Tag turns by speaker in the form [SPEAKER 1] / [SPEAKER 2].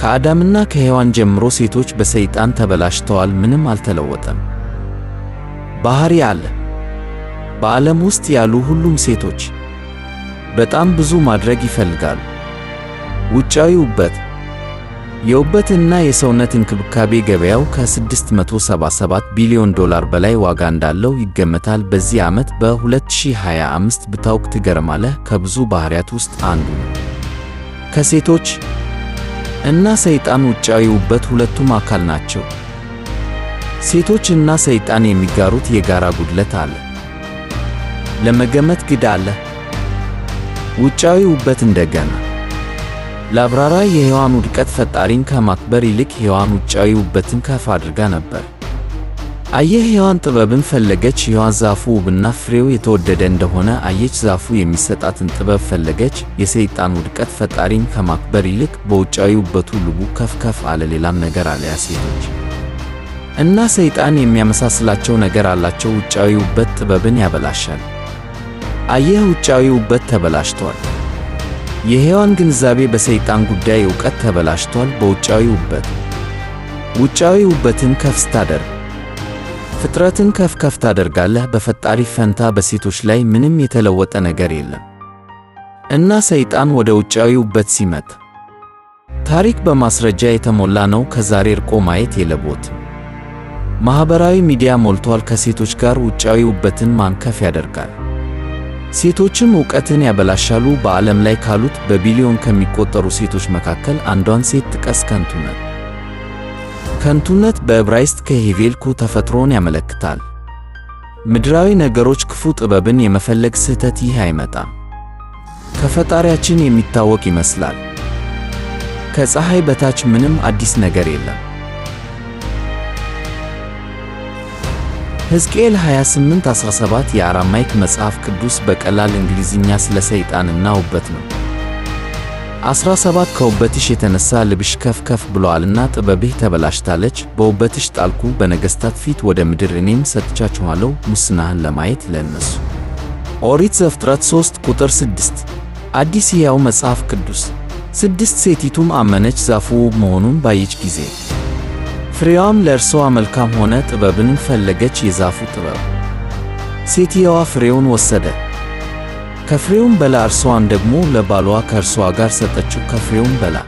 [SPEAKER 1] ከአዳምና ከሔዋን ጀምሮ ሴቶች በሰይጣን ተበላሽተዋል። ምንም አልተለወጠም። ባሕሪ አለ። በዓለም ውስጥ ያሉ ሁሉም ሴቶች በጣም ብዙ ማድረግ ይፈልጋሉ። ውጫዊ ውበት፣ የውበትና የሰውነት እንክብካቤ ገበያው ከ677 ቢሊዮን ዶላር በላይ ዋጋ እንዳለው ይገመታል። በዚህ ዓመት በ2025 ብታውቅ ትገረማለህ። ከብዙ ባህሪያት ውስጥ አንዱ ነው። ከሴቶች እና ሰይጣን ውጫዊ ውበት ሁለቱም አካል ናቸው። ሴቶች እና ሰይጣን የሚጋሩት የጋራ ጉድለት አለ። ለመገመት ግድ አለ። ውጫዊ ውበት እንደገና ለአብራራ የሔዋን ውድቀት ፈጣሪን ከማክበር ይልቅ ሔዋን ውጫዊ ውበትን ከፍ አድርጋ ነበር። አየህ ሔዋን ጥበብን ፈለገች። ሔዋን ዛፉ ውብና ፍሬው የተወደደ እንደሆነ አየች። ዛፉ የሚሰጣትን ጥበብ ፈለገች። የሰይጣን ውድቀት ፈጣሪን ከማክበር ይልቅ በውጫዊ ውበቱ ልቡ ከፍ ከፍ አለ። ሌላም ነገር አለያ ሴቶች እና ሰይጣን የሚያመሳስላቸው ነገር አላቸው። ውጫዊ ውበት ጥበብን ያበላሻል። አየህ ውጫዊ ውበት ተበላሽቷል። የሔዋን ግንዛቤ በሰይጣን ጉዳይ እውቀት ተበላሽቷል። በውጫዊ ውበት ውጫዊ ውበትን ከፍ ስታደርግ ፍጥረትን ከፍ ከፍ ታደርጋለህ። በፈጣሪ ፈንታ በሴቶች ላይ ምንም የተለወጠ ነገር የለም እና ሰይጣን ወደ ውጫዊ ውበት ሲመት ታሪክ በማስረጃ የተሞላ ነው። ከዛሬ እርቆ ማየት የለቦት። ማኅበራዊ ሚዲያ ሞልቷል። ከሴቶች ጋር ውጫዊ ውበትን ማንከፍ ያደርጋል። ሴቶችም ዕውቀትን ያበላሻሉ። በዓለም ላይ ካሉት በቢሊዮን ከሚቆጠሩ ሴቶች መካከል አንዷን ሴት ጥቀስ። ከንቱ ከንቱነት በዕብራይስጥ ከሄቬልኩ ተፈጥሮን ያመለክታል። ምድራዊ ነገሮች ክፉ ጥበብን የመፈለግ ስህተት ይህ አይመጣም። ከፈጣሪያችን የሚታወቅ ይመስላል። ከፀሐይ በታች ምንም አዲስ ነገር የለም። ሕዝቅኤል 28:17 የአራማይክ መጽሐፍ ቅዱስ በቀላል እንግሊዝኛ ስለ ሰይጣንና ውበት ነው። አስራ ሰባት ከውበትሽ የተነሳ ልብሽ ከፍ ከፍ ብሏልና ጥበብህ ተበላሽታለች። በውበትሽ ጣልኩ በነገሥታት ፊት ወደ ምድር እኔም ሰጥቻችኋለሁ ሙስናህን ለማየት ለነሱ። ኦሪት ዘፍጥረት 3 ቁጥር 6 አዲስ ሕያው መጽሐፍ ቅዱስ ስድስት ሴቲቱም አመነች ዛፉ ውብ መሆኑን ባየች ጊዜ ፍሬዋም ለእርሷ መልካም ሆነ፣ ጥበብን ፈለገች የዛፉ ጥበብ ሴትየዋ ፍሬውን ወሰደ ከፍሬውን በላ እርሷን ደግሞ ለባሏ ከእርሷ ጋር ሰጠችው። ከፍሬውን በላ።